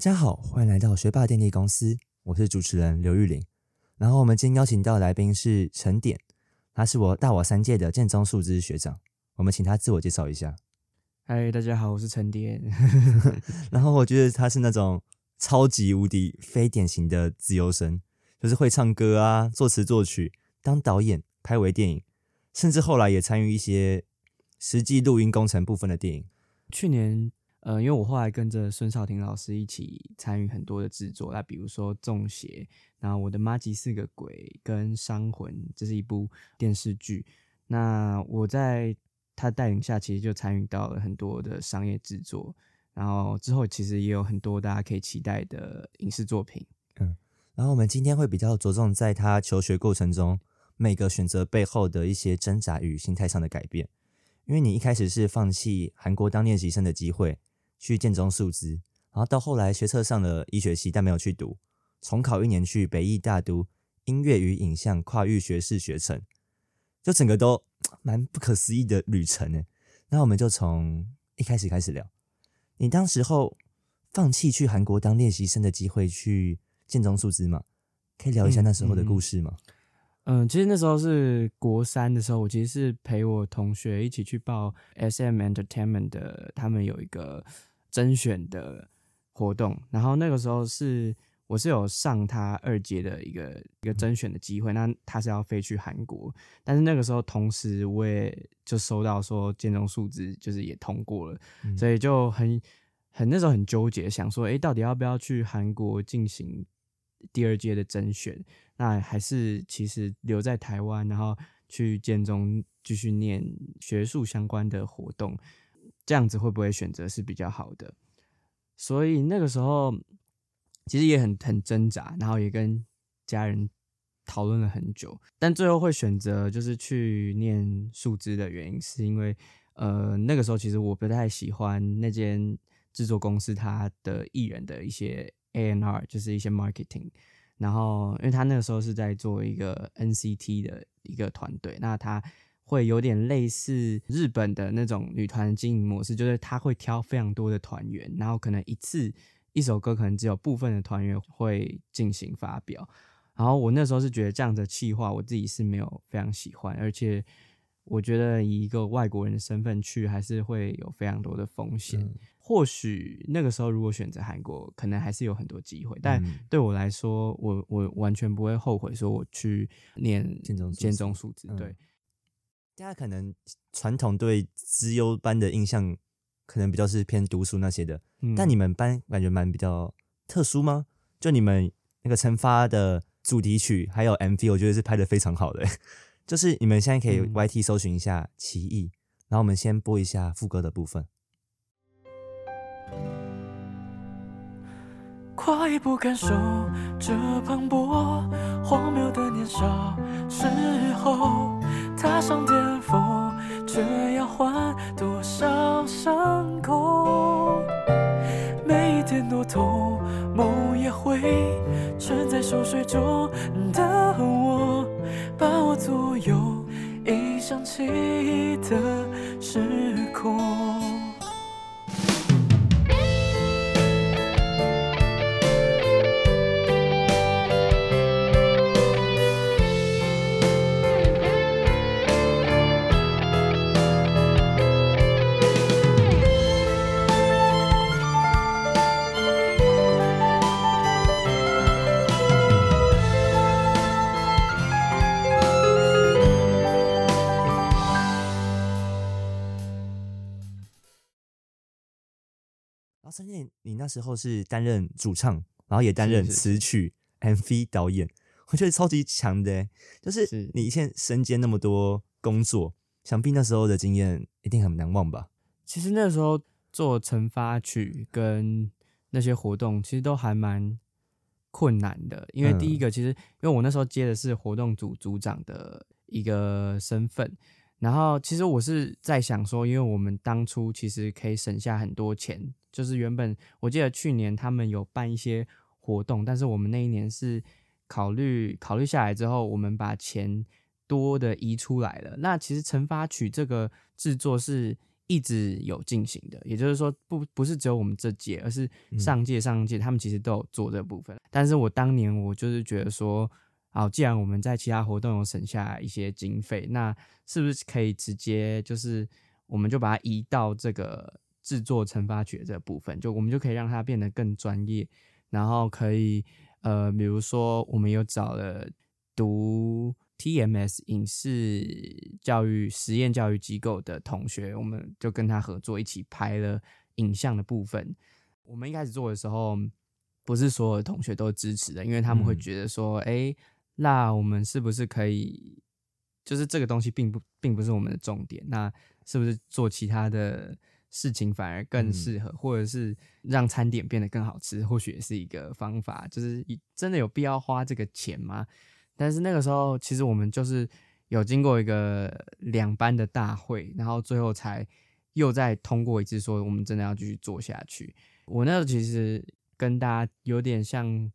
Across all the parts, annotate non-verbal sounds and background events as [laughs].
大家好，歡迎來到學霸電力公司，我是主持人劉玉玲。然後我們今天邀請到的來賓是程典，他是我大我三屆的建中數資學長，我們請他自我介紹一下。嗨、哎，大家好，我是程典。 [laughs] [laughs] 然後我覺得他是那種超級無敵非典型的自由生，就是會唱歌啊、作詞作曲、當導演、拍微電影，甚至後來也參與一些實際錄音工程部分的電影。去年。呃，因為我後來跟着孫少廷老師一起參與很多的製作，那比如說《中邪》，然後我的麻吉是個鬼跟商魂，這是一部電視劇。那我在他帶領下，其實就參與到了很多的商業製作。然後之後其實也有很多大家可以期待的影視作品。嗯，然後我們今天會比較着重在他求學過程中每個選擇背後的一些掙扎與心態上的改變。因為你一開始是放棄韓國當練習生的機會。去建中數資，然後到後來學測，上了醫學系，但沒有去讀，重考一年去北藝大讀音樂與影像跨域學士學程，就整個都蠻不可思議的旅程呢。那我們就從一開始開始聊，你當時候放棄去韓國當練習生的機會去建中數資嗎？可以聊一下那時候的故事嗎？嗯嗯，嗯，其實那時候是國三的時候，我其實是陪我同學一起去報 S M Entertainment 的，他們有一個。甄選的活動，然後那個時候是我是有上他二階的一個一個甄選的機會，那他是要飛去韓國，但是那個時候同時我也就收到說建中數資就是也通過了，所以就很很那時候很糾結，想說哎、欸，到底要不要去韓國進行第二階的甄選？那還是其實留在台灣，然後去建中繼續念學術相關的活動。這樣子會不會選擇是比較好的？所以那個時候其實也很很掙扎，然後也跟家人討論了很久，但最後會選擇就是去念數資的原因，是因為呃那個時候其實我不太喜歡那間製作公司它的藝人的一些 A&R，就是一些 marketing，然後因為他那個時候是在做一個 N C T 的一個團隊，那他。會有點類似日本的那種女團經營模式，就是她會挑非常多的團員，然後可能一次一首歌可能只有部分的團員會進行發表。然後我那時候是覺得這樣的企劃我自己是沒有非常喜歡，而且我覺得以一個外國人的身份去，還是會有非常多的風險。嗯、或許那個時候如果選擇韓國，可能還是有很多機會。但對我來說，我我完全不會後悔說我去念建中數資對。大家可能傳統對資優班的印象，可能比較是偏讀書那些的。嗯、但你們班感覺蠻比較特殊嗎？就你們那個成發的主題曲還有 MV，我覺得是拍得非常好的、欸。 [laughs] 就是你們現在可以 YT 搜尋一下歧異《歧異、嗯》，然後我們先播一下副歌的部分。踏上巔峰，卻要換多少傷口？每一天都痛，夢也會沉在熟睡中的我，把我左右，一想起的時空。你那時候是擔任主唱，然後也擔任詞曲、是是 MV 導演，我覺得超級強的、欸。就是你一天身兼那麼多工作，想必那時候的經驗一定很難忘吧？其實那時候做成發曲跟那些活動，其實都還蠻困難的。因為第一個，其實、嗯、因為我那時候接的是活動組組長的一個身份，然後其實我是在想說，因為我們當初其實可以省下很多錢。就是原本我記得去年他們有辦一些活動，但是我們那一年是考慮考慮下來之後，我們把錢多的移出來了。那其實成發曲這個制作是一直有進行的，也就是說不不是只有我們這屆，而是上屆上屆他們其實都有做這部分。嗯、但是我當年我就是覺得說，好，既然我們在其他活動有省下一些經費，那是不是可以直接就是我們就把它移到這個。製作成發曲這部分，就我們就可以讓它變得更專業。然後可以，呃，比如說我們有找了讀 TMS 影視教育實驗教育機構的同學，我們就跟他合作一起拍了影像的部分。我們一開始做的時候，不是所有的同學都支持的，因為他們會覺得說，哎、嗯，那我們是不是可以，就是這個東西並不並不是我們的重點，那是不是做其他的？事情反而更適合，嗯、或者是讓餐點變得更好吃，或許也是一個方法。就是真的有必要花這個錢嗎？但是那個時候，其實我們就是有經過一個兩班的大會，然後最後才又再通過一次，說我們真的要繼續做下去。我那時候其實跟大家有點像，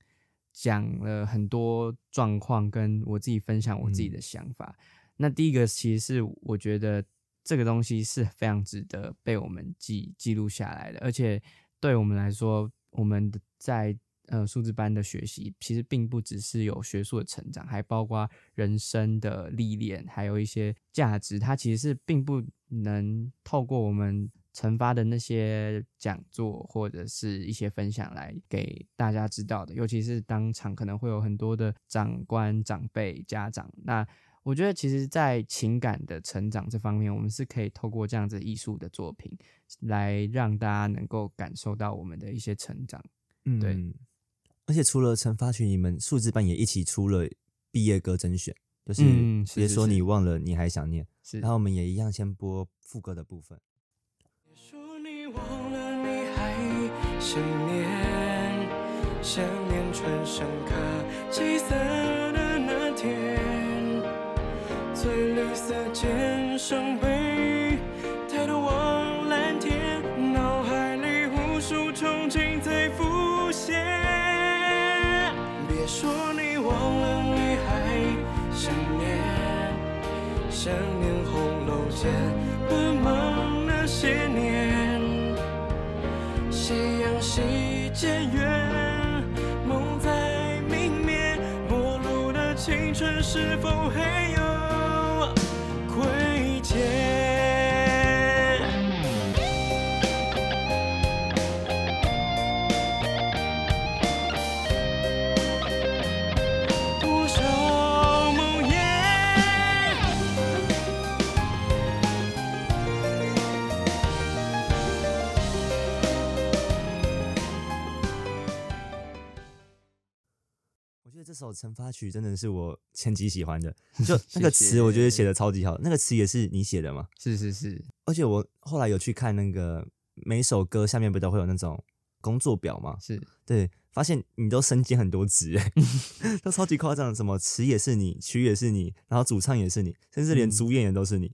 講了很多狀況，跟我自己分享我自己的想法。嗯、那第一個其實是我覺得。這個東西是非常值得被我們記記錄下來的，而且對我們來說，我們在呃數資班的學習，其實並不只是有學術的成長，還包括人生的歷練，還有一些價值。它其實是並不能透過我們成發的那些講座或者是一些分享來給大家知道的，尤其是當場可能會有很多的長官、長輩、家長，那。我覺得其實，在情感的成長這方面，我們是可以透過這樣子藝術的作品，來讓大家能夠感受到我們的一些成長。對。嗯、而且除了成發曲，你們數資班也一起出了畢業歌甄選，就是、嗯、是，是，是別說你忘了，你還想念。是，是，然後我們也一樣，先播副歌的部分。說你忘了你還想念，想念春生。夜色漸生悲，抬頭望藍天，腦海裡無數憧憬在浮現。別說你忘了，你還想念，想念紅樓前奔忙那些年。夕陽西漸遠，夢在明滅，陌路的青春是否還？成發曲真的是我前期喜歡的，就那個詞，我覺得寫的超級好。那個詞也是你寫的嗎？是是是。而且我後來有去看那個每首歌下面不都會有那種工作表嗎？是對，發現你都身兼很多職、欸，都超級誇張的，什麼詞也是你，曲也是你，然後主唱也是你，甚至連主演也都是你。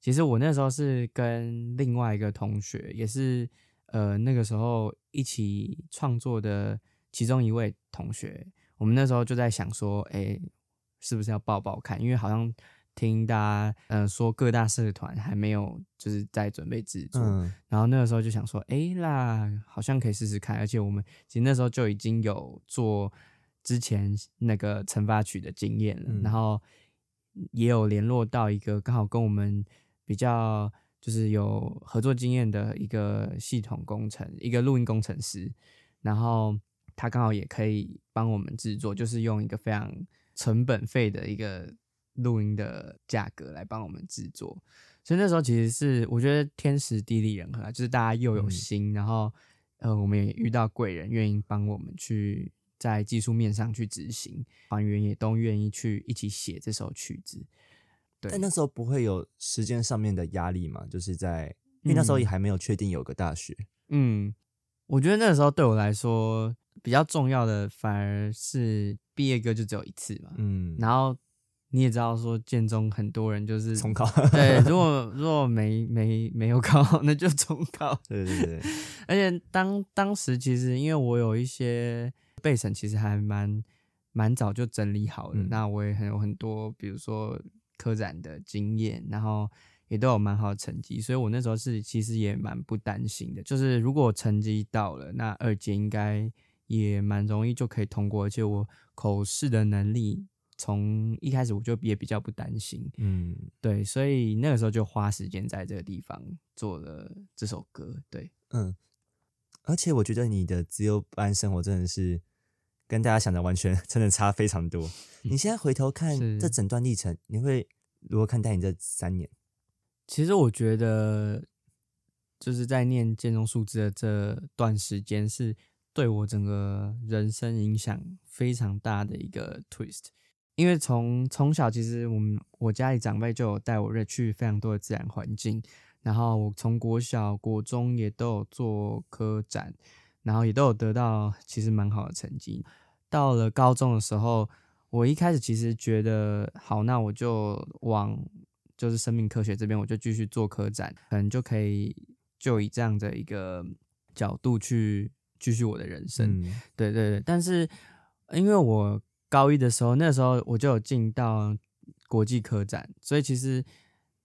其實我那時候是跟另外一個同學，也是呃那個時候一起創作的其中一位同學。我們那時候就在想說，哎、欸，是不是要報報看？因為好像聽大家嗯、呃、說各大社團還沒有就是在準備製作，嗯、然後那個時候就想說，哎、欸、啦，好像可以試試看。而且我們其實那時候就已經有做之前那個成發曲的經驗了，嗯、然後也有聯絡到一個剛好跟我們比較就是有合作經驗的一個系統工程，一個錄音工程師，然後。他剛好也可以幫我們制作，就是用一個非常成本費的一個錄音的價格來幫我們制作，所以那時候其實是我覺得天時地利人和，就是大家又有心，嗯、然後呃我們也遇到貴人願意幫我們去在技術面上去執行，團員也都願意去一起寫這首曲子。對，但那時候不會有時間上面的壓力嘛，就是在因為那時候也還沒有確定有個大學。嗯，嗯，我覺得那時候對我來說。比較重要的反而是畢業歌就只有一次嘛，嗯，然後你也知道說建中很多人就是重考，從高 對，如果如果沒沒沒有考好，那就重考，對對對。而且當當時其實因為我有一些備審，其實還蠻蠻早就整理好的，嗯、那我也很有很多比如說科展的經驗，然後也都有蠻好的成績，所以我那時候是其實也蠻不擔心的，就是如果成績到了，那二階應該。也蠻容易就可以通過，而且我口試的能力從一開始我就也比較不擔心，嗯，對，所以那個時候就花時間在這個地方做了這首歌，對，嗯，而且我覺得你的自由班生活真的是跟大家想的完全真的差非常多。嗯、你現在回頭看這整段歷程，是你會如何看待你這三年？其實我覺得就是在念建中數資的這段時間是。對我整個人生影響非常大的一個 twist，因為從從小其實我們我家裡長輩就有帶我去非常多的自然環境，然後我從國小、國中也都有做科展，然後也都有得到其實蠻好的成績。到了高中的時候，我一開始其實覺得好，那我就往就是生命科學這邊，我就繼續做科展，可能就可以就以這樣的一個角度去繼續我的人生，嗯、對對對，但是因為我高一的時候，那時候我就有進到國際科展，所以其實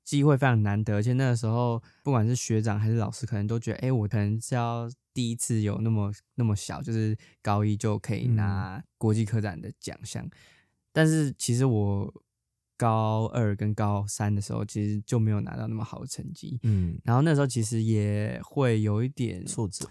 機會非常難得。而且那個時候，不管是學長還是老師，可能都覺得，哎，我可能是要第一次有那麼那麼小，就是高一就可以拿國際科展的獎項。嗯、但是其實我高二跟高三的時候，其實就沒有拿到那麼好的成績。嗯，然後那時候其實也會有一點挫折。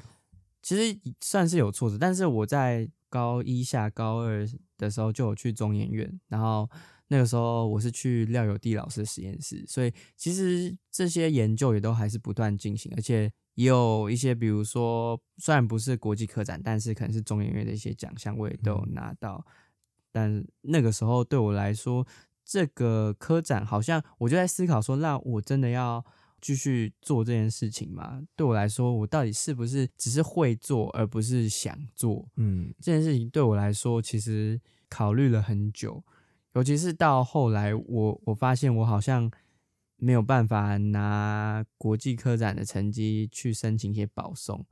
其實算是有挫折，但是我在高一下，高二的時候就有去中研院，然後那個時候我是去廖友帝老師實驗室，所以其實這些研究也都還是不斷進行，而且也有一些，比如說雖然不是國際科展，但是可能是中研院的一些獎項我也都有拿到，嗯、但那個時候對我來說，這個科展好像我就在思考說，那我真的要。繼續做這件事情嘛？對我來說，我到底是不是只是會做，而不是想做？嗯，這件事情對我來說，其實考慮了很久。尤其是到後來我，我我發現我好像沒有辦法拿國際科展的成績去申請一些保送，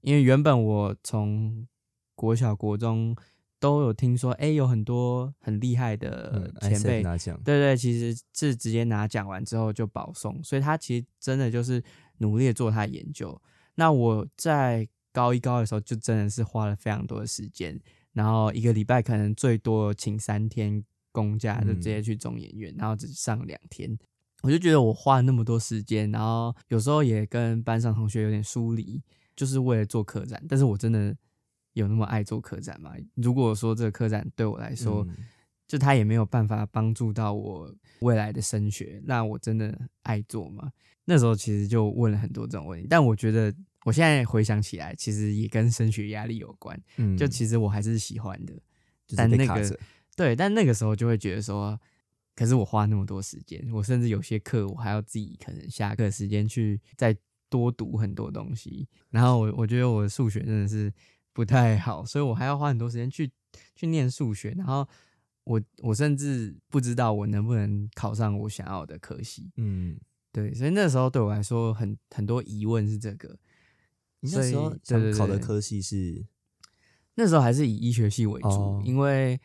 因為原本我從國小、國中。都有聽說，哎，欸，有很多很厲害的前輩，嗯、拿獎對，對對，其實是直接拿獎完之後就保送，所以他其實真的就是努力的做他的研究。那我在高一高二的時候，就真的是花了非常多的時間，然後一個禮拜可能最多請三天公假，就直接去中研院，嗯、然後只上兩天。我就覺得我花了那麼多時間，然後有時候也跟班上同學有點疏離，就是為了做科展，但是我真的。有那麼愛做科展嗎？如果說這個科展對我來說，嗯、就他也沒有辦法幫助到我未來的升學，那我真的愛做嗎？那時候其實就問了很多這種問題，但我覺得我現在回想起來，其實也跟升學壓力有關。嗯、就其實我還是喜歡的，就是但那個對，但那個時候就會覺得說，可是我花那麼多時間，我甚至有些課我還要自己可能下課時間去再多讀很多東西，然後我我覺得我的數學真的是。不太好，所以我還要花很多時間去去念數學，然後我我甚至不知道我能不能考上我想要的科系。嗯，對，所以那時候對我來說很很多疑問是這個。你那時候想考的科系是？對對對，那時候還是以醫學系為主，哦，因為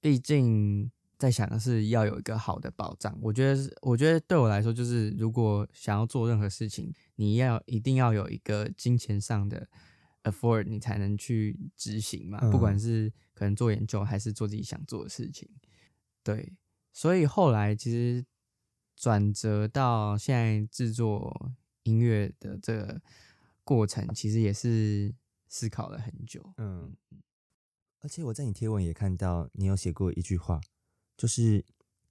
畢竟在想的是要有一個好的保障。我覺得我覺得對我來說就是，如果想要做任何事情，你要一定要有一個金錢上的。afford 你才能去執行嘛，嗯、不管是可能做研究還是做自己想做的事情，對，所以後來其實轉折到現在製作音樂的這個過程，其實也是思考了很久，嗯，而且我在你貼文也看到你有寫過一句話，就是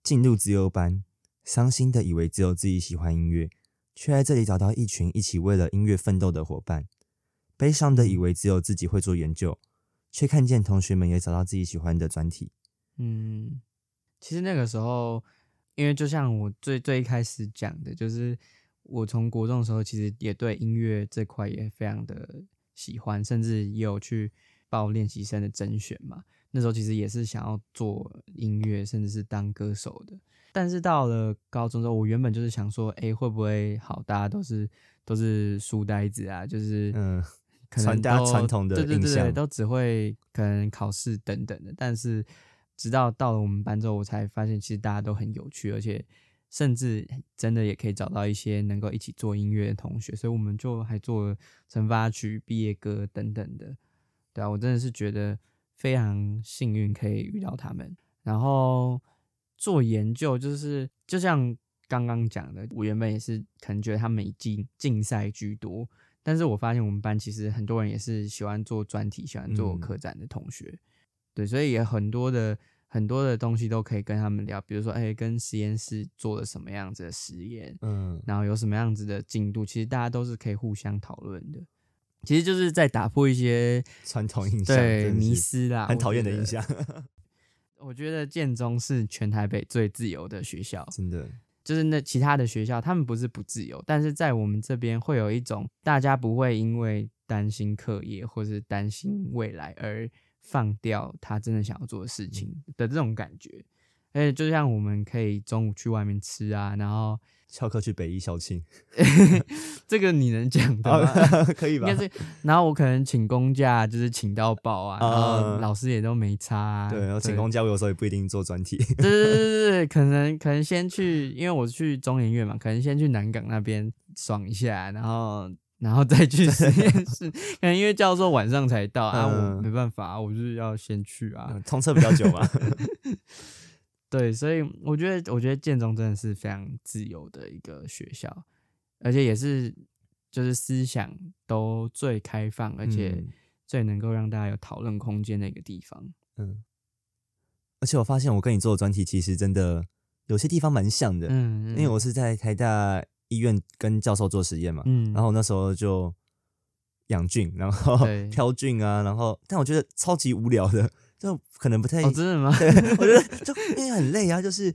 進入資優班，傷心的以為只有自己喜歡音樂，卻在這裡找到一群一起為了音樂奮鬥的夥伴。悲傷的以為只有自己會做研究，卻看見同學們也找到自己喜歡的專題。嗯，其實那個時候，因為就像我最最一開始講的，就是我從國中的時候其實也對音樂這塊也非常的喜歡，甚至也有去報練習生的甄選嘛。那時候其實也是想要做音樂，甚至是當歌手的。但是到了高中之後，我原本就是想說，哎、欸，會不會好？大家都是都是書呆子啊，就是嗯。可能大家傳統的，對對對，都只會可能考試等等的，但是直到到了我們班之後，我才發現其實大家都很有趣，而且甚至真的也可以找到一些能夠一起做音樂的同學，所以我們就還做了，成發曲、畢業歌等等的，對啊，我真的是覺得非常幸運可以遇到他們。然後做研究就是就像剛剛講的，我原本也是可能覺得他們以競競賽居多。但是我發現我們班其實很多人也是喜歡做專題、喜歡做科展的同學，嗯、對，所以也很多的很多的東西都可以跟他們聊，比如說哎，跟實驗室做了什麼樣子的實驗，嗯，然後有什麼樣子的進度，其實大家都是可以互相討論的。其實就是在打破一些傳統印象，對，的迷思啦，很討厭的印象。我覺, [laughs] 我覺得建中是全台北最自由的學校，真的。就是那其他的學校，他們不是不自由，但是在我們這邊會有一種大家不會因為擔心課業或是擔心未來而放掉他真的想要做的事情的這種感覺，而且就像我們可以中午去外面吃啊，然後。翹課去北藝校慶，這個你能講到、哦？可以吧？ [laughs] 然後我可能請公假，就是請到爆啊，然後老師也都沒差、啊呃。對，然後對請公假，我有時候也不一定做專題。對對對，對 [laughs] 可能可能先去，因為我去中研院嘛，可能先去南港那邊爽一下，然後然後再去實驗室。對可能因為教授晚上才到、呃、啊，我沒辦法、啊，我就是要先去啊，通車比較久嘛。 [laughs] 對，所以我覺得，我覺得建中真的是非常自由的一個學校，而且也是就是思想都最開放，而且最能夠讓大家有討論空間的一個地方。嗯，而且我發現我跟你做的專題其實真的有些地方蠻像的。嗯，嗯因為我是在台大醫院跟教授做實驗嘛，嗯，然後那時候就養菌，然後挑菌啊，對然後但我覺得超級無聊的。就可能不太真的嗎？對，我覺得就因為很累啊，就是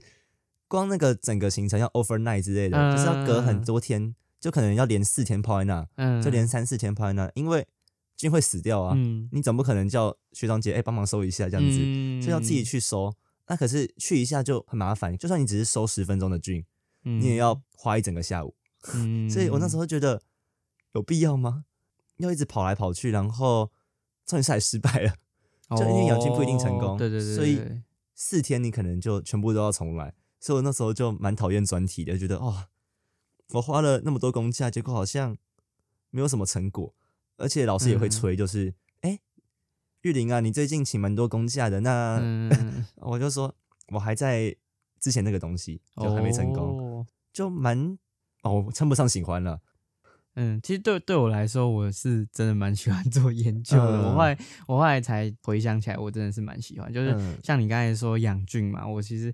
光那個整個行程要 overnight 之類的，就是要隔很多天，就可能要連四天跑在那，就連三四天跑在那，因為菌會死掉啊，你總不可能叫學長姐哎，幫忙收一下這樣子，就要自己去收，那可是去一下就很麻煩，就算你只是收十分鐘的菌，你也要花一整個下午，所以我那時候覺得有必要嗎？要一直跑來跑去，然後終於還是失敗了。就一定養菌不一定成功，哦、對，對對對，所以四天你可能就全部都要重來。所以我那時候就蠻討厭專題的，覺得哇、哦，我花了那麼多公假，結果好像沒有什麼成果，而且老師也會催，就是哎、嗯，玉玲啊，你最近請蠻多公假的，那、嗯、 [laughs] 我就說我還在之前那個東西，就還沒成功，哦、就蠻哦，稱不上喜歡了、啊。嗯，其實對對我來說，我是真的蠻喜歡做研究的。嗯、我後來我後來才回想起來，我真的是蠻喜歡，就是像你剛才說養菌嘛，我其實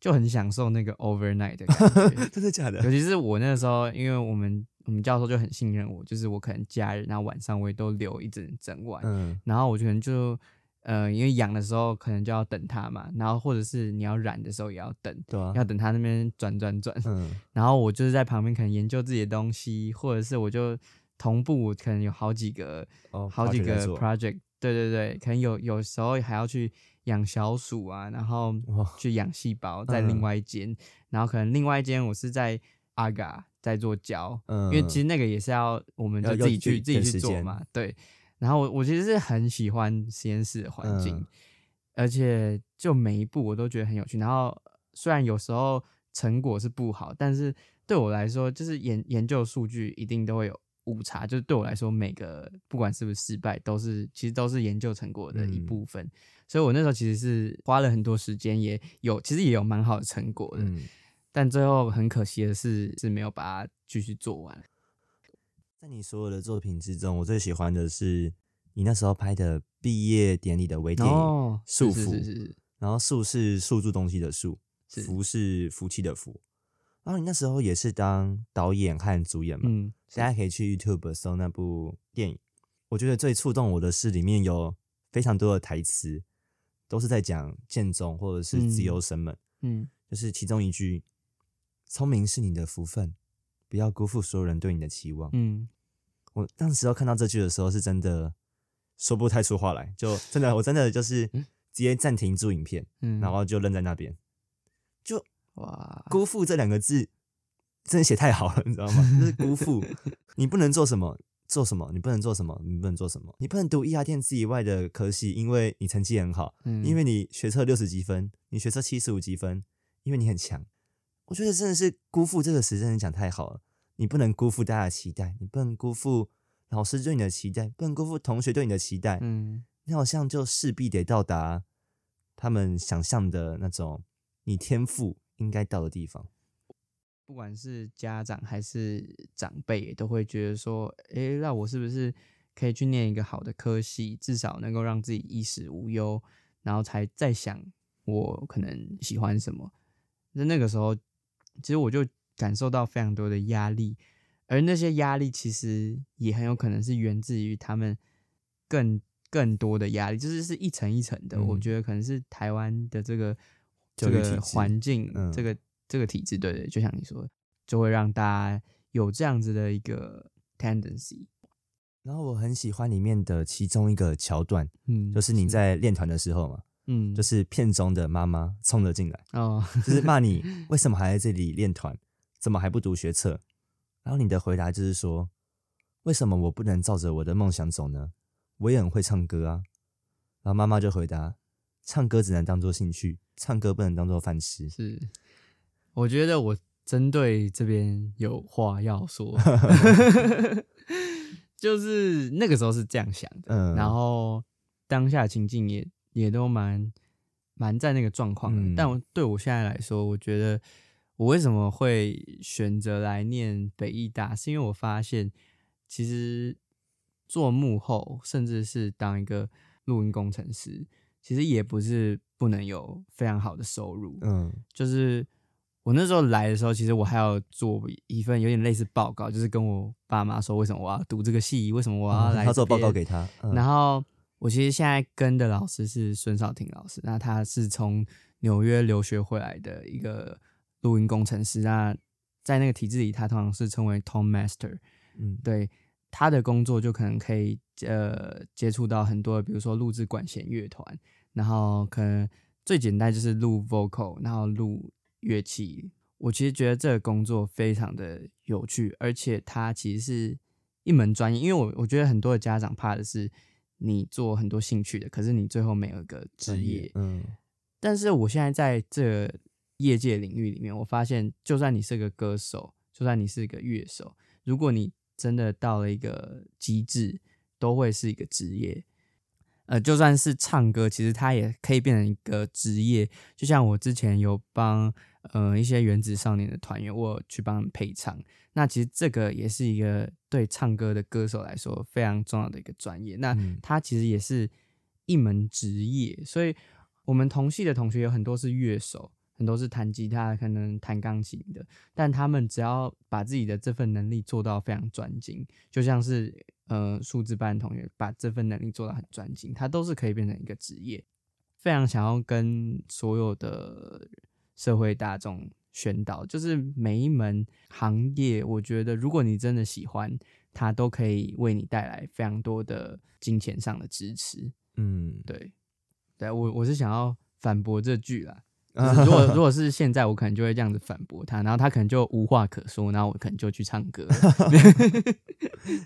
就很享受那個 overnight 的感覺呵呵。真的假的？尤其是我那個時候，因為我們我們教授就很信任我，就是我可能假日然後晚上我也都留一整整晚，嗯、然後我就可能就。呃，因為養的時候可能就要等它嘛，然後或者是你要染的時候也要等，對啊、要等它那邊轉轉轉。嗯、然後我就是在旁邊可能研究自己的東西，或者是我就同步可能有好幾個，哦、好幾個 project。對對對，可能有有時候還要去養小鼠啊，然後去養細胞、哦、在另外一間，嗯、然後可能另外一間我是在阿嘎在做膠，嗯，因為其實那個也是要我們就自己去自己去做嘛，對。然後我，我其實是很喜歡實驗室的環境，呃、而且就每一步我都覺得很有趣。然後雖然有時候成果是不好，但是對我來說，就是研研究數據一定都會有誤差。就是對我來說，每個不管是不是失敗，都是其實都是研究成果的一部分。嗯、所以我那時候其實是花了很多時間，也有其實也有蠻好的成果的，嗯、但最後很可惜的是，是沒有把它繼續做完。在你所有的作品之中，我最喜歡的是你那時候拍的畢業典禮的微電影《束福》，然後“束”是束住東西的“束”，“是福”是福氣的“福”。然後你那時候也是當導演和主演嘛？嗯。現在可以去 YouTube 搜那部電影，我覺得最觸動我的是裡面有非常多的台詞，都是在講建中或者是自由神們。嗯。嗯。就是其中一句：“聰明是你的福分。”不要辜負所有人對你的期望。嗯，我當時看到這句的時候，是真的說不太出話來，就真的，我真的就是直接暫停住影片，嗯、然後就愣在那邊。就哇，辜負這兩個字真的寫太好了，你知道嗎？哇就是辜負 [laughs] 你不能做什麼，做什麼你不能做什麼，你不能做什麼，你不能讀醫牙電資以外的科系，因為你成績很好，嗯、因為你學測六十級分，你學測七十五級分，因為你很強。我覺得真的是辜負這個詞真的講太好了。你不能辜負大家的期待，你不能辜負老師對你的期待，不能辜負同學對你的期待。嗯，你好像就勢必得到達他們想象的那種你天賦應該到的地方。不管是家長還是長輩，都會覺得說：“誒、欸，那我是不是可以去念一個好的科系，至少能夠讓自己衣食無憂，然後才再想我可能喜歡什麼。”那那個時候。其實我就感受到非常多的壓力，而那些壓力其實也很有可能是源自於他們更更多的壓力，就是是一層一層的。嗯，我覺得可能是台灣的這個這個環境，嗯，這個，這個這個體制，對，對對，就像你說的，就會讓大家有這樣子的一個 tendency。然後我很喜歡裡面的其中一個橋段，嗯，就是你在練團的時候嘛。嗯，就是片中的媽媽衝了進來，哦， [laughs] 就是罵你為什麼還在這裡練團，怎麼還不讀學測？然後你的回答就是說，為什麼我不能照着我的夢想走呢？我也很會唱歌啊。然後媽媽就回答，唱歌只能當做興趣，唱歌不能當做飯吃。是，我覺得我針對這邊有話要說， [laughs] [laughs] 就是那個時候是這樣想的，嗯，然後當下情境也。也都蠻蠻在那個狀況的，嗯、但我對我現在來說，我覺得我為什麼會選擇來念北藝大，是因為我發現其實做幕後，甚至是當一個錄音工程師，其實也不是不能有非常好的收入。嗯，就是我那時候來的時候，其實我還要做一份有點類似報告，就是跟我爸媽說為什麼我要讀這個系，為什麼我要來這、嗯。他做報告給他，嗯、然後。我其實現在跟的老師是孫少廷老師，那他是從紐約留學回來的一個錄音工程師。那在那個體制裡，他通常是稱為 Tonmeister。嗯，對，他的工作就可能可以呃接觸到很多，比如說錄制管弦樂團，然後可能最簡單就是錄 vocal，然後錄樂器。我其實覺得這個工作非常的有趣，而且它其實是一門專業，因為我我覺得很多的家長怕的是。你做很多興趣的，可是你最後沒有一個職業。職業。嗯，但是我現在在這個業界領域裡面，我發現，就算你是一個歌手，就算你是一個樂手，如果你真的到了一個極致，都會是一個職業。呃，就算是唱歌，其實它也可以變成一個職業。就像我之前有幫。呃，一些原子少年的團員，我去幫他們配唱。那其實這個也是一個對唱歌的歌手來說非常重要的一個專業。那他其實也是一門職業，嗯，所以我們同系的同學有很多是樂手，很多是彈吉他，可能彈鋼琴的。但他們只要把自己的這份能力做到非常專精，就像是呃數資班的同學把這份能力做到很專精，他都是可以變成一個職業。非常想要跟所有的，社會大眾宣導，就是每一門行業，我覺得如果你真的喜歡它，都可以為你帶來非常多的金錢上的支持。嗯對，對，對，我我是想要反駁這句啦。如果如果是現在，我可能就會這樣子反駁他。啊、呵呵然後他可能就無話可說，然後我可能就去唱歌。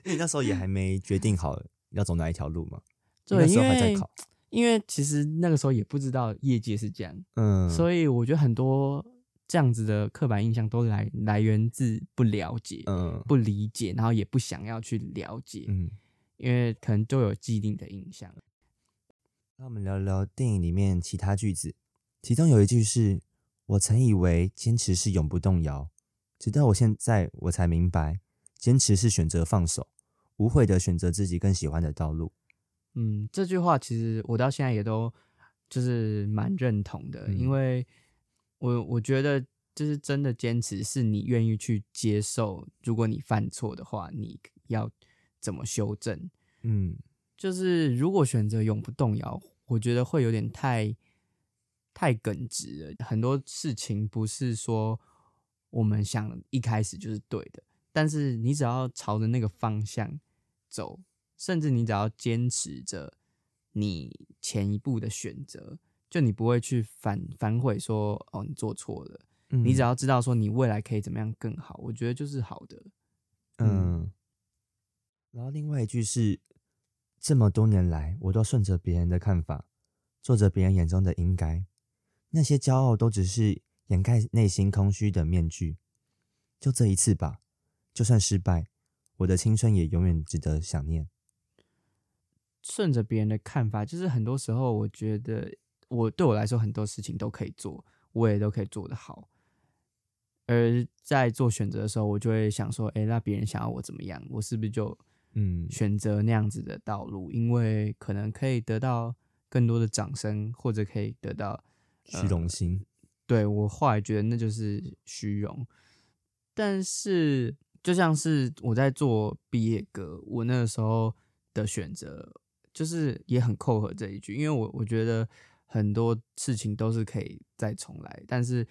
你 [laughs] [laughs] 那時候也還沒決定好要走哪一條路嘛？對那時候還在考因為其實那個時候也不知道業界是這樣，嗯，所以我覺得很多這樣子的刻板印象都來來源自不了解，嗯，不理解，然後也不想要去了解，嗯，因為可能都有既定的印象。那我們聊聊電影裡面其他句子，其中有一句是：“我曾以為堅持是永不動搖，直到我現在我才明白，堅持是選擇放手，無悔的選擇自己更喜歡的道路。”嗯，這句話其實我到現在也都就是蠻認同的，嗯、因為我我覺得就是真的堅持是你願意去接受，如果你犯錯的話，你要怎麼修正？嗯，就是如果選擇永不動搖，我覺得會有點太太耿直了。很多事情不是說我們想一開始就是對的，但是你只要朝着那個方向走。甚至你只要堅持着你前一步的選擇，就你不會去反反悔說“哦，你做錯了”嗯。你只要知道說你未來可以怎麼樣更好，我覺得就是好的。嗯，嗯。然後另外一句是：“這麼多年來，我都順着別人的看法，做着別人眼中的應該。那些驕傲都只是掩蓋內心空虛的面具。就這一次吧，就算失敗，我的青春也永遠值得想念。”順着別人的看法，就是很多時候我覺得我對我來說很多事情都可以做，我也都可以做得好。而在做選擇的時候，我就會想說：“哎、欸，那別人想要我怎麼樣？我是不是就嗯選擇那樣子的道路？嗯、因為可能可以得到更多的掌聲，或者可以得到虛榮心。呃”對我後來覺得那就是虛榮。但是就像是我在做畢業歌，我那個時候的選擇。就是也很扣合這一句，因為我我覺得很多事情都是可以再重來，但是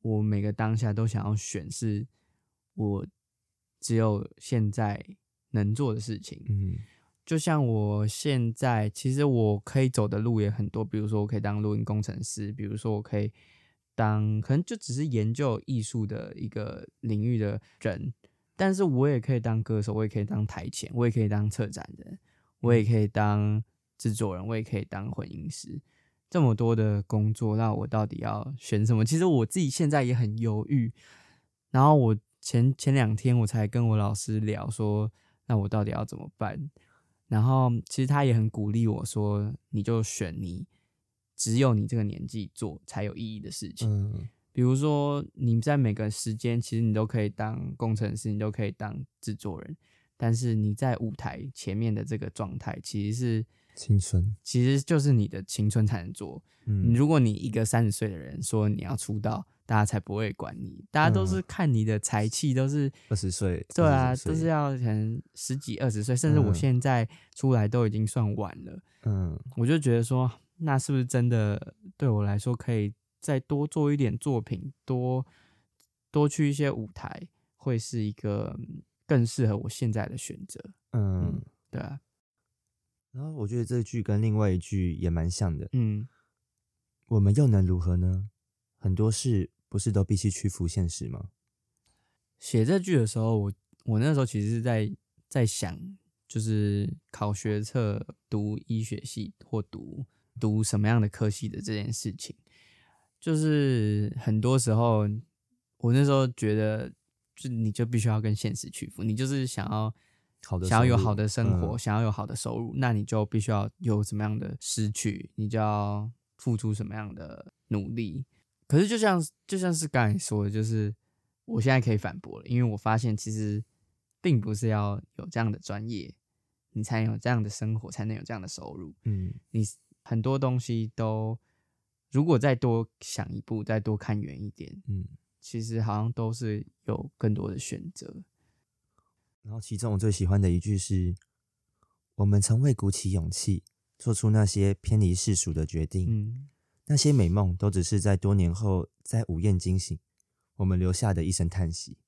我每個當下都想要選是，我只有現在能做的事情。嗯哼，就像我現在，其實我可以走的路也很多，比如說我可以當錄音工程師，比如說我可以當可能就只是研究藝術的一個領域的人，但是我也可以當歌手，我也可以當台前，我也可以當策展人，我也可以當制作人，我也可以當混音師，這麼多的工作，那我到底要選什麼？其實我自己現在也很猶豫。然後我前前兩天我才跟我老師聊說，那我到底要怎麼辦？然後其實他也很鼓勵我說，你就選你只有你這個年紀做才有意義的事情。嗯。比如說你在每個時間，其實你都可以當工程師，你都可以當制作人。但是你在舞台前面的這個狀態，其實是青春，其實就是你的青春才能做。嗯，如果你一個三十歲的人說你要出道，嗯、大家才不會管你，大家都是看你的才氣，嗯、都是二十歲，對啊，歲都是要可能十幾二十歲，嗯、甚至我現在出來都已經算晚了。嗯，我就覺得說，那是不是真的對我來說可以再多做一點作品，多多去一些舞台，會是一個。更適合我現在的選擇。嗯，嗯，對啊。然後我覺得這句跟另外一句也蠻像的。嗯，我們又能如何呢？很多事不是都必須屈服現實嗎？寫這句的時候，我我那時候其實是在在想，就是考學測、讀醫學系或讀讀什麼樣的科系的這件事情。就是很多時候，我那時候覺得。就你就必須要跟現實屈服，你就是想要，想要有好的生活，嗯、想要有好的收入，那你就必須要有什麼樣的失去，你就要付出什麼樣的努力。可是就像就像是剛才說的，就是我現在可以反駁了，因為我發現其實並不是要有這樣的專業，你才有這樣的生活，才能有這樣的收入。嗯，你很多東西都如果再多想一步，再多看遠一點，嗯。其實好像都是有更多的選擇，然後其中我最喜歡的一句是：“我們從未鼓起勇氣做出那些偏離世俗的決定，嗯、那些美夢都只是在多年後在午夜驚醒，我們留下的一聲嘆息。”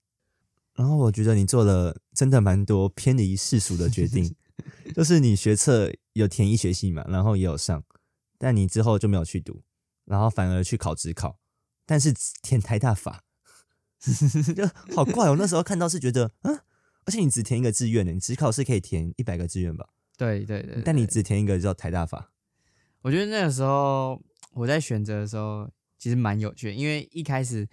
然後我覺得你做了真的蠻多偏離世俗的決定， [laughs] 就是你學測有填醫學系嘛，然後也有上，但你之後就沒有去讀，然後反而去考指考，但是填台大法。 [laughs] 就好怪哦！那時候看到是覺得，嗯、啊，而且你只填一個志願呢，你指考是可以填一百個志願吧？對對對，對對對。但你只填一個叫台大法，我覺得那個時候我在選擇的時候其實蠻有趣，因為一開始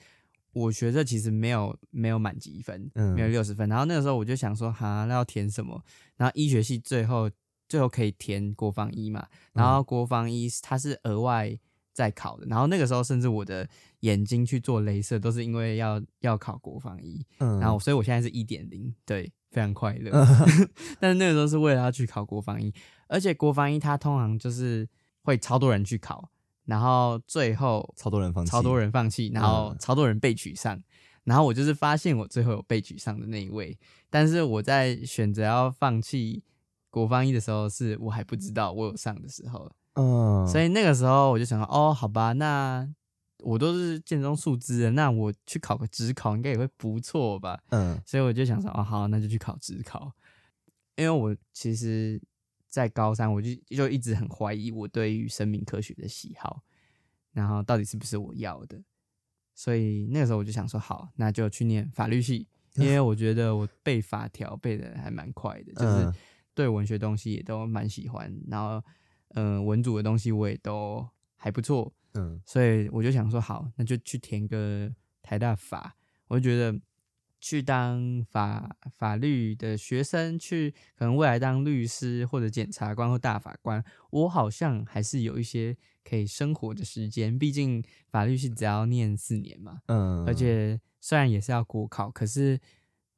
我學測其實沒有沒有滿級分，嗯、沒有六十分。然後那個時候我就想說，哈，那要填什麼？然後醫學系最後最後可以填國防醫嘛，然後國防醫它是額外在考的，然後那個時候甚至我的眼睛去做雷射，都是因為要要考國防醫，嗯、然後所以我現在是一點零，對，非常快樂。嗯、 [laughs] 但是那個時候是為了要去考國防醫，而且國防醫它通常就是會超多人去考，然後最後超多人放棄超多人放棄，然後超多人被取上。嗯、然後我就是發現我最後有被取上的那一位，但是我在選擇要放棄國防醫的時候是，是我還不知道我有上的時候。嗯， [noise] 所以那個時候我就想說，哦，好吧，那我都是建中數資的，那我去考個指考應該也會不錯吧。嗯，所以我就想說，哦，好，那就去考指考。因為我其實在高三，我就就一直很懷疑我對於生命科學的喜好，然後到底是不是我要的。所以那個時候我就想說，好，那就去念法律系，因為我覺得我背法條背的還蠻快的，嗯、就是對文學東西也都蠻喜歡，然後。嗯、呃，文組的東西我也都還不錯，嗯，所以我就想說，好，那就去填個台大法，我就覺得去當法法律的學生去，去可能未來當律師或者檢察官或大法官，我好像還是有一些可以生活的時間，畢竟法律是只要念四年嘛，嗯，而且雖然也是要國考，可是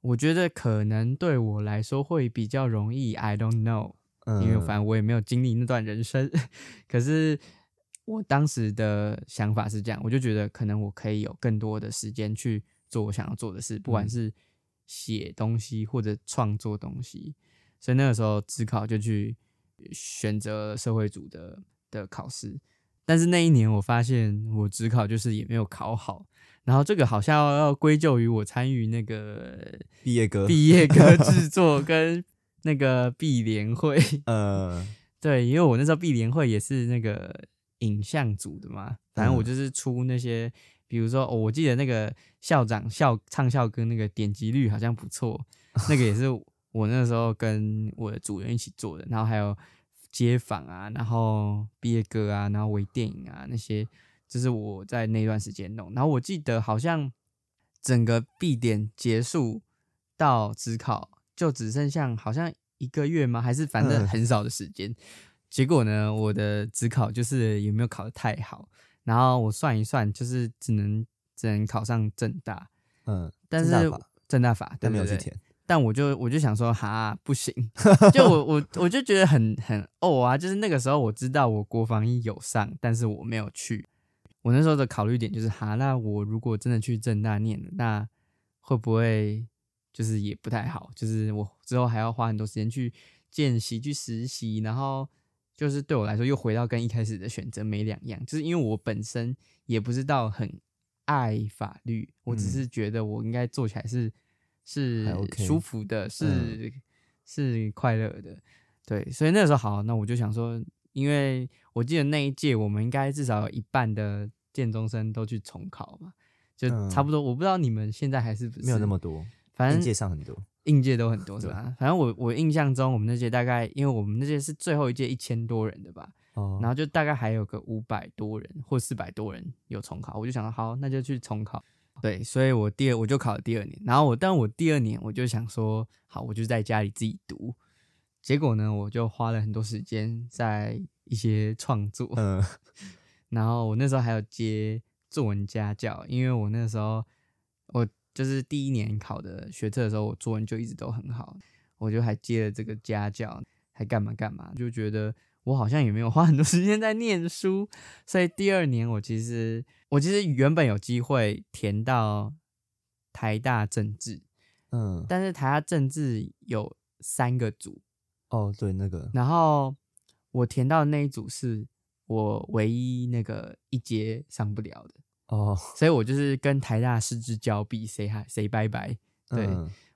我覺得可能對我來說會比較容易，I don't know。因為反正我也沒有經歷那段人生，可是我當時的想法是這樣，我就覺得可能我可以有更多的時間去做我想要做的事，不管是寫東西或者創作東西。所以那個時候，指考就去選擇社會組的的考試。但是那一年，我發現我指考就是也沒有考好。然後這個好像要歸咎於我參與那個畢業歌、畢業歌製作跟 [laughs] 那個畢聯會，呃， [laughs] 對，因為我那時候畢聯會也是那個影像組的嘛，反正我就是出那些，嗯、比如說、哦，我記得那個校長校唱校歌那個點擊率好像不錯，那個也是我， [laughs] 我那時候跟我的組員一起做的，然後還有街訪啊，然後畢業歌啊，然後微電影啊那些，就是我在那段時間弄，然後我記得好像整個畢典結束到指考，就只剩下好像一個月嗎？還是反正很少的時間？嗯、結果呢，我的指考就是也沒有考得太好。然後我算一算，就是只能只能考上政大。嗯，但是政大法，大法但沒有去填。對對，但我就我就想說，哈，不行！ [laughs] 就我我我就覺得很很哦啊！就是那個時候我知道我國防醫有上，但是我沒有去。我那時候的考慮點就是，哈，那我如果真的去政大唸，那會不會？就是也不太好，就是我之後還要花很多時間去見習、去實習，然後就是對我來說，又回到跟一開始的選擇沒兩樣，就是因為我本身也不知道很愛法律，嗯、我只是覺得我應該做起來是是舒服的，還 OK, 是、嗯、是快樂的，對，所以那個時候好，那我就想說，因為我記得那一屆我們應該至少有一半的建中生都去重考嘛，就差不多，嗯、我不知道你們現在還是，是沒有那麼多。反正應屆上很多，應屆都很多是吧？對反正我我印象中，我們那屆大概，因為我們那屆是最後一屆一千多人的吧，哦、然後就大概還有個五百多人或四百多人有重考，我就想說好，那就去重考。對，所以我第二我就考了第二年，然後我，但我第二年我就想說，好，我就在家裡自己讀。結果呢，我就花了很多時間在一些創作，嗯、呃，然後我那時候還有接作文家教，因為我那時候我。就是第一年考的學測的時候，我作文就一直都很好，我就還接了這個家教，還幹嘛幹嘛，就覺得我好像也沒有花很多時間在念書，所以第二年我其實我其實原本有機會填到台大政治，嗯，但是台大政治有三個組，哦，對，那個，然後我填到的那一組是我唯一那個一階上不了的。哦，所以我就是跟台大失之交臂，say hi，say bye bye。對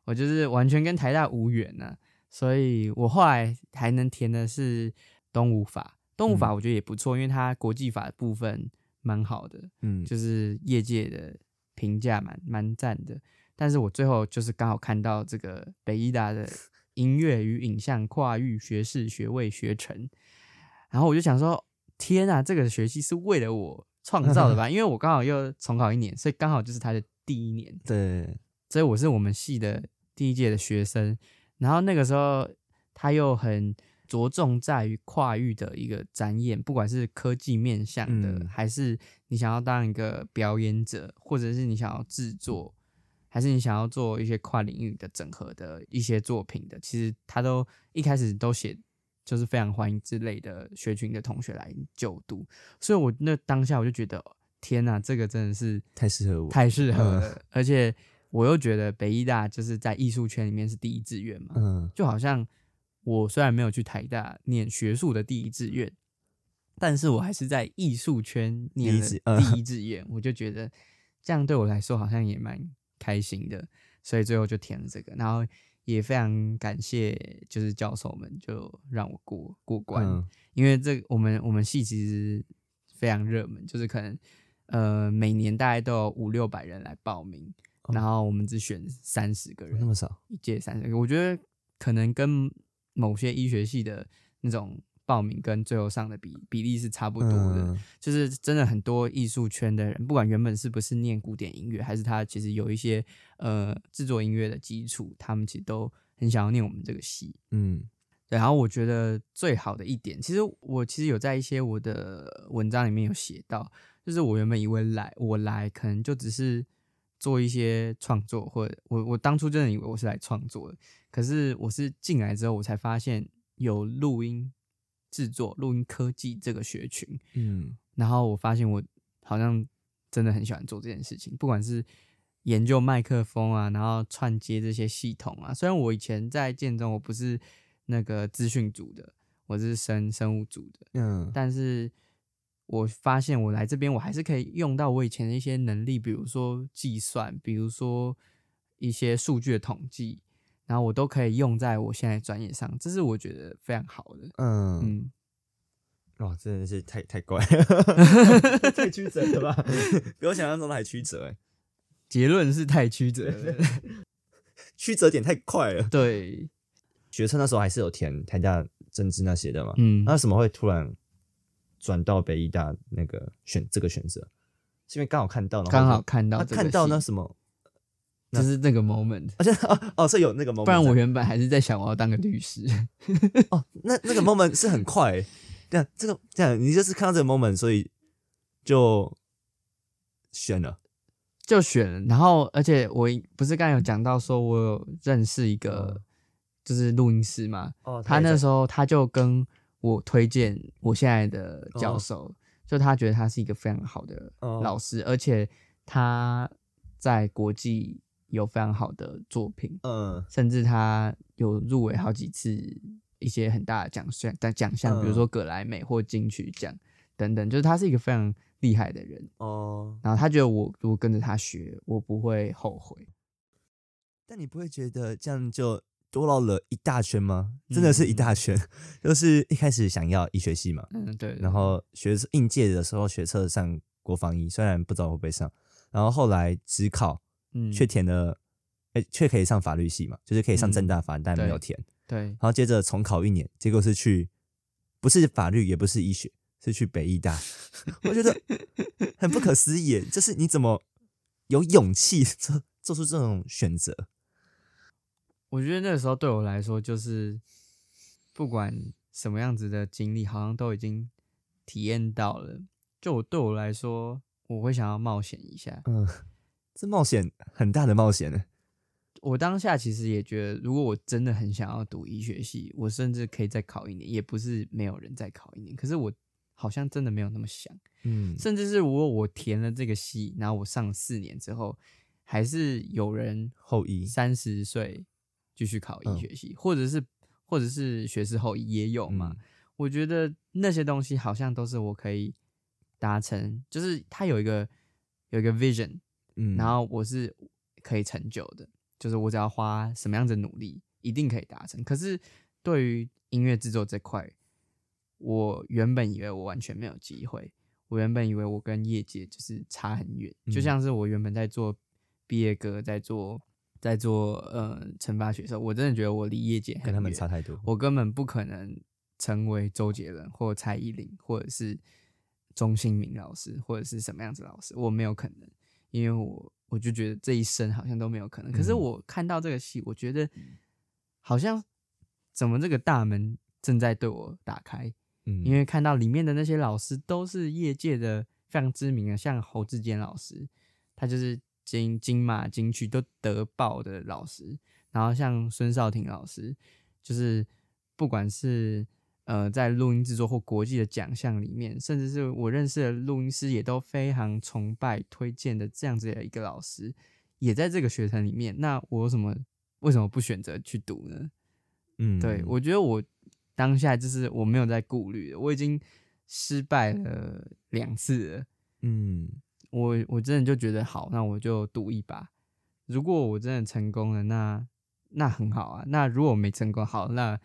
我就是完全跟台大無緣了，啊，所以我後來還能填的是東吳法，東吳法我覺得也不錯，嗯、因為它國際法的部分蠻好的，嗯，就是業界的評價蠻蠻讚的。但是我最後就是剛好看到這個北藝大的音樂與影像跨域學士學位學程，然後我就想說，天啊，這個學期是為了我創造的吧，因為我剛好又重考一年，所以剛好就是他的第一年。對，所以我是我們系的第一屆，的學生。然後那個時候，他又很着重在於跨域的一個展演，不管是科技面向的，嗯、還是你想要當一個表演者，或者是你想要制作，還是你想要做一些跨領域的整合的一些作品的。其實他都一開始都寫。就是非常歡迎之類的學群的同學來就讀，所以我那當下我就覺得，天哪，這個真的是太適合我，太適合了。嗯、而且我又覺得北藝大就是在藝術圈裡面是第一志願嘛，嗯，就好像我雖然沒有去台大念學術的第一志願，但是我還是在藝術圈念了第一志願，嗯、我就覺得這樣對我來說好像也蠻開心的，所以最後就填了這個，然後。也非常感謝，就是教授們就讓我過過關，嗯、因為這我們我們系其實非常熱門，就是可能呃每年大概都有五六百人來報名，嗯、然後我們只選三十個人，那麼少一屆三十個，我覺得可能跟某些醫學系的那種。報名跟最後上的比比例，是差不多的，嗯、就是真的很多藝術圈的人，不管原本是不是念古典音樂，還是他其實有一些呃製作音樂的基礎，他們其實都很想要念我們這個系。嗯，然後我覺得最好的一點，其實我其實有在一些我的文章裡面有寫到，就是我原本以為來我來可能就只是做一些創作，或者我我當初真的以為我是來創作的，可是我是進來之後，我才發現有錄音。製作錄音科技這個學群，嗯，然後我發現我好像真的很喜歡做這件事情，不管是研究麥克風啊，然後串接這些系統啊。雖然我以前在建中，我不是那個資訊組的，我是生生物組的，嗯，但是我發現我來這邊，我還是可以用到我以前的一些能力，比如說計算，比如說一些數據的統計。然後我都可以用在我現在專業上，這是我覺得非常好的。嗯哇、嗯哦，真的是太太怪了 [laughs] 太，太曲折了吧？ [laughs] [laughs] 比我想象中的還曲折哎、欸。結論是太曲折了對對對，曲折點太快了。對，學測那時候還是有填台大政治那些的嘛。嗯，那什麼會突然轉到北藝大？那個選這個選擇，是因為剛好看到了，剛好看到，看到那什麼？那就是那個 moment，哦哦，是、哦哦、有那個 moment，不然我原本還是在想我要當個律師。 [laughs] 哦，那那個 moment 是很快、欸， [laughs] 這樣這個這樣，你就是看到這個 moment，所以就選了，就選。然後，而且我不是剛有講到說我有認識一個就是錄音師嘛，哦、他那時候他就跟我推薦我現在的教授，哦、就他覺得他是一個非常好的老師，哦、而且他在國際。有非常好的作品，嗯，甚至他有入圍好幾次一些很大的獎項，獎獎項，比如說格萊美或金曲獎等等，就是他是一個非常厲害的人哦。嗯、然後他覺得我如果跟着他學，我不會後悔。但你不會覺得這樣就多繞了一大圈嗎？真的是一大圈，嗯、 [laughs] 就是一開始想要醫學系嘛，嗯，對。然後學應屆的時候學測上國防醫，雖然不知道會不會上，然後後來指考。卻、嗯、填了，哎、欸，卻可以上法律系嘛，就是可以上政大法，嗯、但沒有填。對，對然後接着重考一年，結果是去不是法律，也不是醫學，是去北藝大。 [laughs] 我覺得很不可思議，就是你怎麼有勇氣做，做出這種選擇？我覺得那個時候對我來說，就是不管什麼樣子的經歷，好像都已經體驗到了。就我對我來說，我會想要冒險一下。嗯。這冒險，很大的冒險呢。我當下其實也覺得，如果我真的很想要讀醫學系，我甚至可以再考一年，也不是沒有人再考一年。可是我好像真的沒有那麼想，嗯，甚至是如果我填了這個系，然後我上四年之後，還是有人後醫三十歲繼續考醫學系，一或者是或者是學士後醫也有、嗯、嘛？我覺得那些東西好像都是我可以達成，就是他有一個有一個 vision。然後我是可以成就的，就是我只要花什麼樣子的努力，一定可以達成。可是對於音樂製作這塊，我原本以為我完全沒有機會，我原本以為我跟業界就是差很遠，嗯、就像是我原本在做畢業歌，在做在做呃成發學生，我真的覺得我離業界很遠，跟他們差太多，我根本不可能成為周杰倫或蔡依林或者是鍾興民老師或者是什麼樣子老師，我沒有可能。因為我我就覺得這一生好像都沒有可能，可是我看到這個戲，我覺得好像怎麼這個大門正在對我打開，嗯，因為看到裡面的那些老師都是業界的非常知名的，像侯志堅老師，他就是金金馬金曲都得報的老師，然後像孫少廷老師，就是不管是。呃，在錄音製作或國際的獎項裡面，甚至是我認識的錄音師也都非常崇拜、推薦的這樣子的一個老師，也在這個學程裡面。那我什麼為什麼不選擇去讀呢？嗯，對，我覺得我當下就是我沒有在顧慮，我已經失敗了兩次了。嗯，我我真的就覺得好，那我就賭一把。如果我真的成功了，那那很好啊。那如果我沒成功，好，那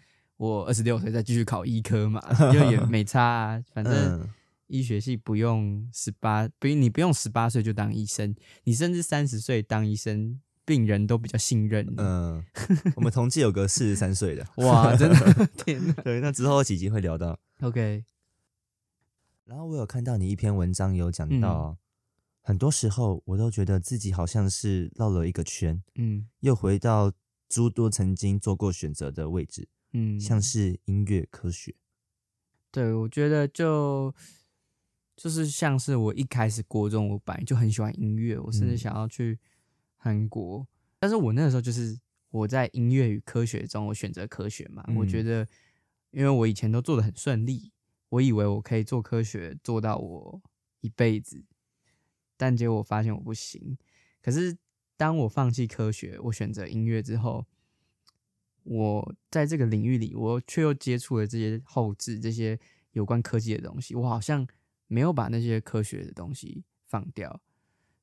我二十六歲再繼續考醫科嘛， [laughs] 就也沒差啊。反正醫學系不用十八、嗯，不，你不用十八歲就當醫生，你甚至三十歲當醫生，病人都比較信任。嗯， [laughs] 我們同濟有個四十三歲的，哇，真的，天哪，對，那之後幾集會聊到。OK。然後我有看到你一篇文章，有講到，嗯、很多時候我都覺得自己好像是繞了一個圈，嗯，又回到諸多曾經做過選擇的位置。嗯，像是音樂科學、嗯，對，我覺得就就是像是我一開始國中，我本來就很喜歡音樂，我甚至想要去韓國，嗯、但是我那個時候就是我在音樂與科學中，我選擇科學嘛，嗯、我覺得因為我以前都做得很順利，我以為我可以做科學做到我一輩子，但結果我發現我不行，可是當我放棄科學，我選擇音樂之後。我在這個領域裡，我卻又接觸了這些後製、這些有關科技的東西。我好像沒有把那些科學的東西放掉，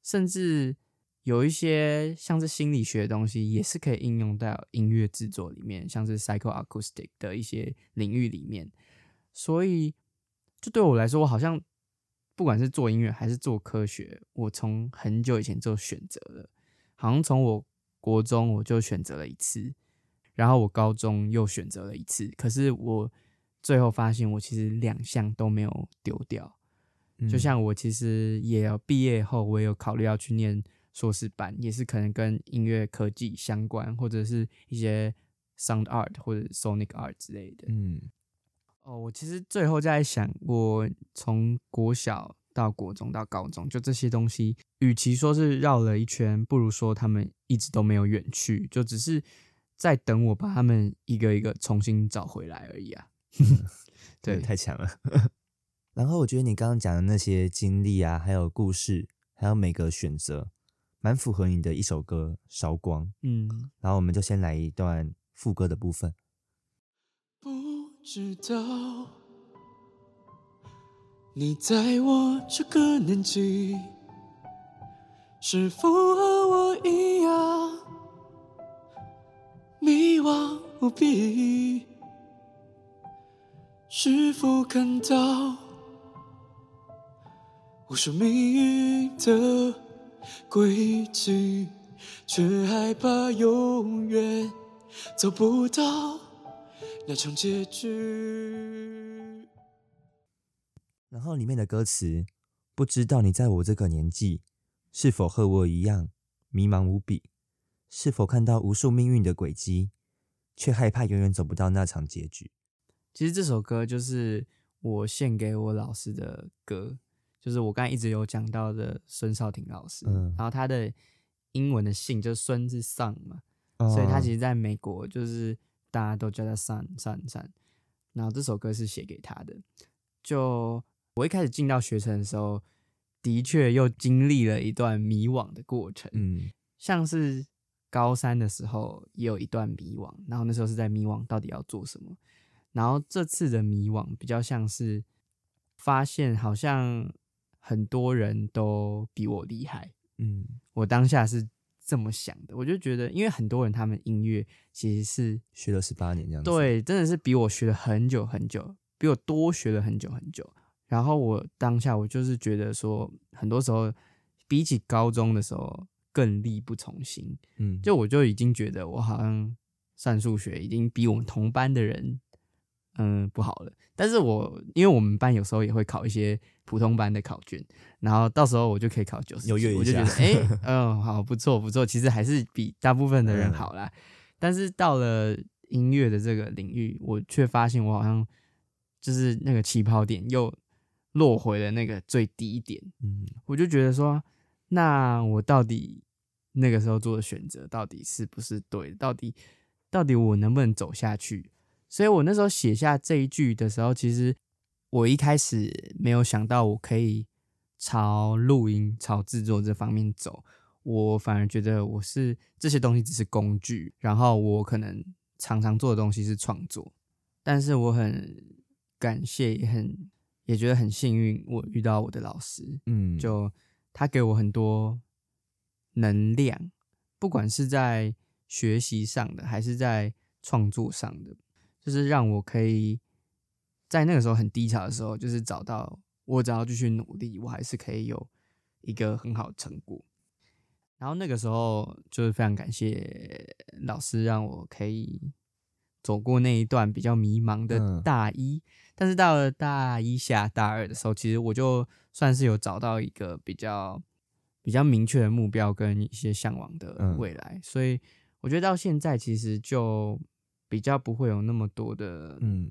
甚至有一些像是心理學的東西，也是可以應用到音樂製作裡面，像是 psychoacoustic 的一些領域裡面。所以，就對我來說，我好像不管是做音樂還是做科學，我從很久以前就選擇了，好像從我國中我就選擇了一次。然後我高中又選擇了一次，可是我最後發現，我其實兩項都沒有丟掉。就像我其實也要畢業後，我也有考慮要去念碩士班，也是可能跟音樂科技相關，或者是一些 sound art 或者 sonic art 之類的。嗯，哦，我其實最後在想，我從國小到國中到高中，就這些東西，與其說是繞了一圈，不如說他們一直都沒有遠去，就只是。在等我把他們一個一個重新找回來而已啊！對， [laughs] 太強了。 [laughs] 然後我覺得你剛剛講的那些經歷啊，還有故事，還有每個選擇，蠻符合你的一首歌《韶光》。嗯，然後我們就先來一段副歌的部分。不知道你在我這個年紀，是否和我一樣？迷茫無比，是否看到無數命運的軌跡，卻害怕永遠走不到那場結局？然後裡面的歌詞，不知道你在我這個年紀，是否和我一樣迷茫無比。是否看到無數命運的軌跡，卻害怕永遠走不到那場結局？其實這首歌就是我獻給我老師的歌，就是我剛才一直有講到的孫少廷老師。嗯。然後他的英文的姓就是孫是 Sun 嘛，哦、所以他其實在美國就是大家都叫他 Sun、Sun、Sun。然後這首歌是寫給他的。就我一開始進到學程的時候，的確又經歷了一段迷惘的過程，嗯、像是。高三的時候也有一段迷惘，然後那時候是在迷惘到底要做什麼。然後這次的迷惘比較像是發現好像很多人都比我厲害。嗯，我當下是這麼想的，我就覺得因為很多人他們音樂其實是學了十八年這樣子，對，真的是比我學了很久很久，比我多學了很久很久。然後我當下我就是覺得說，很多時候比起高中的時候，更力不從心，嗯，就我就已經覺得我好像算數學已經比我們同班的人，嗯，不好了。但是我因為我們班有時候也會考一些普通班的考卷，然後到時候我就可以考九十九，我就覺得，哎、欸，嗯、哦，好，不錯，不錯，其實還是比大部分的人好啦。嗯、但是到了音樂的這個領域，我卻發現我好像就是那個起跑點又落回了那個最低一點，嗯，我就覺得說。那我到底那個時候做的選擇到底是不是對？到底，到底我能不能走下去？所以我那時候寫下這一句的時候，其實我一開始沒有想到我可以朝錄音、朝製作這方面走。我反而覺得我是這些東西只是工具，然後我可能常常做的東西是創作。但是我很感謝，也很也覺得很幸運，我遇到我的老師，嗯，就。他給我很多能量，不管是在學習上的，還是在創作上的，就是讓我可以在那個時候很低潮的時候，就是找到我只要繼續努力，我還是可以有一個很好的成果。然後那個時候就是非常感謝老師，讓我可以走過那一段比較迷茫的大一。但是到了大一下、大二的時候，其實我就。算是有找到一個比較比較明確的目標跟一些嚮往的未來，嗯、所以我覺得到現在其實就比較不會有那麼多的嗯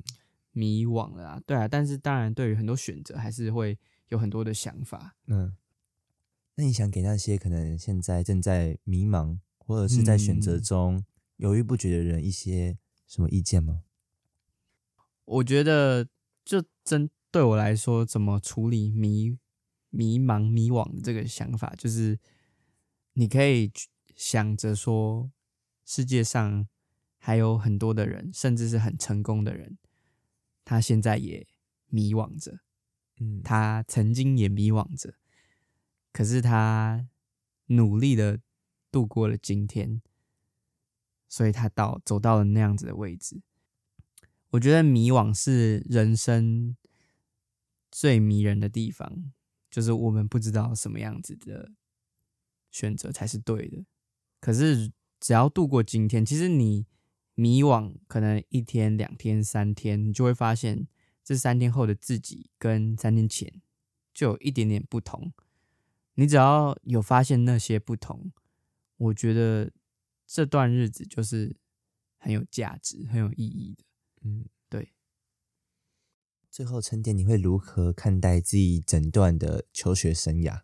迷惘了啊，嗯、對啊。但是當然，對於很多選擇還是會有很多的想法。嗯，那你想給那些可能現在正在迷茫或者是在選擇中猶豫不決的人一些什麼意見嗎？我覺得就真。對我來說，怎麼處理迷、迷、迷茫、迷惘的這個想法，就是你可以想着說，世界上還有很多的人，甚至是很成功的人，他現在也迷惘着，嗯，他曾經也迷惘着，可是他努力的度過了今天，所以他到走到了那樣子的位置。我覺得迷惘是人生。最迷人的地方就是我們不知道什麼樣子的選擇才是對的。可是只要度過今天，其實你迷惘可能一天、兩天、三天，你就會發現這三天後的自己跟三天前就有一點點不同。你只要有發現那些不同，我覺得這段日子就是很有價值、很有意義的。嗯，對。最後程典，你會如何看待自己整段的求學生涯？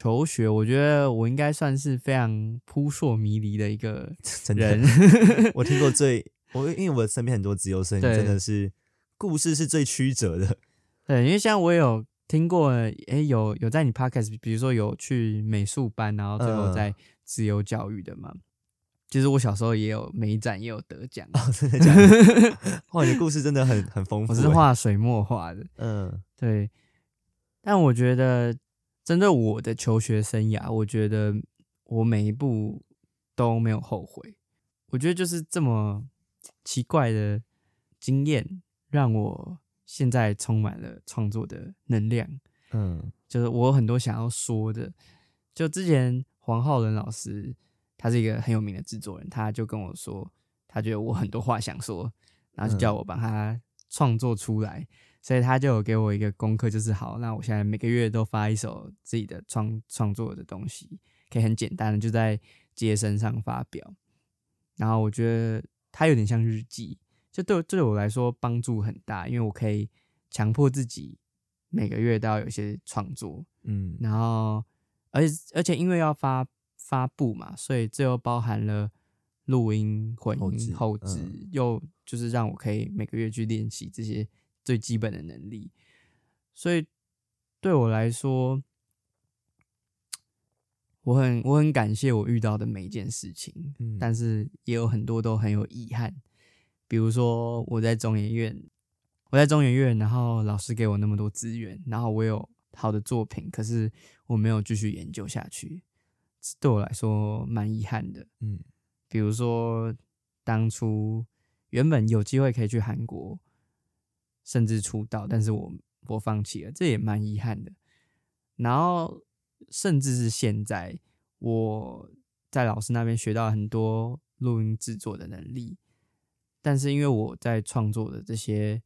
求學，我覺得我應該算是非常撲朔迷離的一個人。真的 [laughs] 我聽過最我，因為我身邊很多自由生，對真的是故事是最曲折的。對，因為像我有聽過，誒、欸，有有在你 Podcast，比如說有去美術班，然後最後在自由教育的嘛。嗯其實我小時候也有美展，也有得獎哦。真的假的，畫 [laughs] 你的故事真的很很豐富，欸。我是畫水墨畫的，嗯，對。但我覺得針對我的求學生涯，我覺得我每一步都沒有後悔。我覺得就是這麼奇怪的經驗，讓我現在充滿了創作的能量。嗯，就是我有很多想要說的。就之前黃浩倫老師。他是一個很有名的製作人，他就跟我說，他覺得我很多話想說，然後就叫我幫他創作出來，嗯、所以他就有給我一個功課，就是好，那我現在每個月都發一首自己的創創作的東西，可以很簡單的就在街聲上發表，然後我覺得他有點像日記，就對對我來說幫助很大，因為我可以強迫自己每個月都要有一些創作，嗯，然後而且而且因為要發。發布嘛，所以這又包含了錄音、混音、後製，又就是讓我可以每個月去練習這些最基本的能力。所以對我來說，我很我很感謝我遇到的每一件事情，嗯，但是也有很多都很有遺憾。比如說我在中研院，我在中研院，然後老師給我那麼多資源，然後我有好的作品，可是我沒有繼續研究下去。對我來說蠻遺憾的，嗯，比如說當初原本有機會可以去韓國，甚至出道，但是我我放棄了，這也蠻遺憾的。然後甚至是現在，我在老師那邊學到很多錄音製作的能力，但是因為我在創作的這些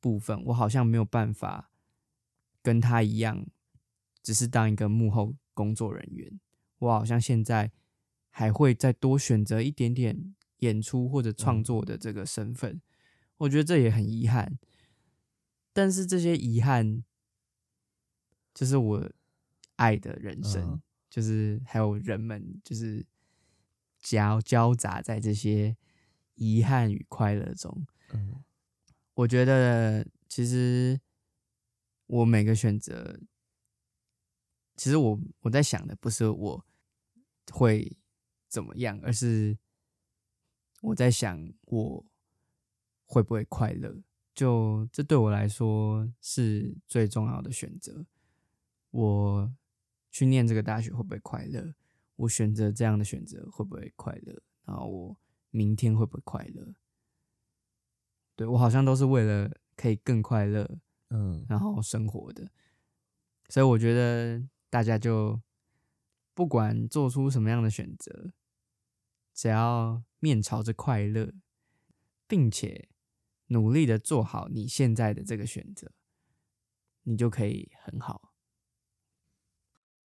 部分，我好像沒有辦法跟他一樣，只是當一個幕後工作人員，我好像現在還會再多選擇一點點演出或者創作的這個身份，嗯，我覺得這也很遺憾。但是這些遺憾，就是我愛的人生，嗯，就是還有人們就是交交雜在這些遺憾與快樂中。嗯，我覺得其實我每個選擇。其實我我在想的不是我會怎麼樣，而是我在想我會不會快樂。就這對我來說是最重要的選擇。我去念這個大學會不會快樂？我選擇這樣的選擇會不會快樂？然後我明天會不會快樂？對，我好像都是為了可以更快樂，嗯，然後生活的。所以我覺得。大家就不管做出什麼樣的選擇，只要面朝着快樂，並且努力的做好你現在的這個選擇，你就可以很好。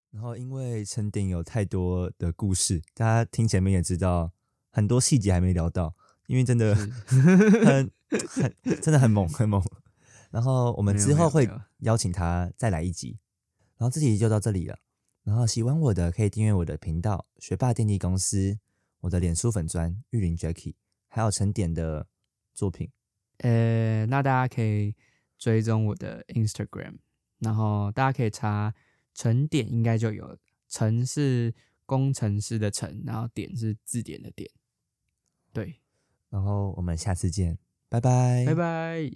然後，因為程典有太多的故事，大家聽前面也知道很多細節還沒聊到，因為真的是 [laughs] 很很真的很猛很猛。然後我們之後會邀請他再來一集。然後這集就到這裡了。然後喜歡我的可以訂閱我的頻道“學霸電力公司”，我的臉書粉專“玉林 Jacky”，還有程典的作品。呃，那大家可以追蹤我的 Instagram，然後大家可以查程典，應該就有“程”是工程師的“程”，然後“典”是字典的“典”。對，然後我們下次見，拜拜，拜拜。